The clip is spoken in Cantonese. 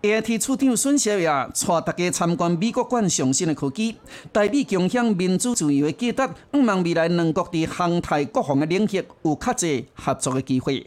It 處長孫小雅帶大家參觀美國館上新嘅科技，代表共享民主自由嘅價值，希望未來兩國在航太、國防嘅領域有較濟合作嘅機會。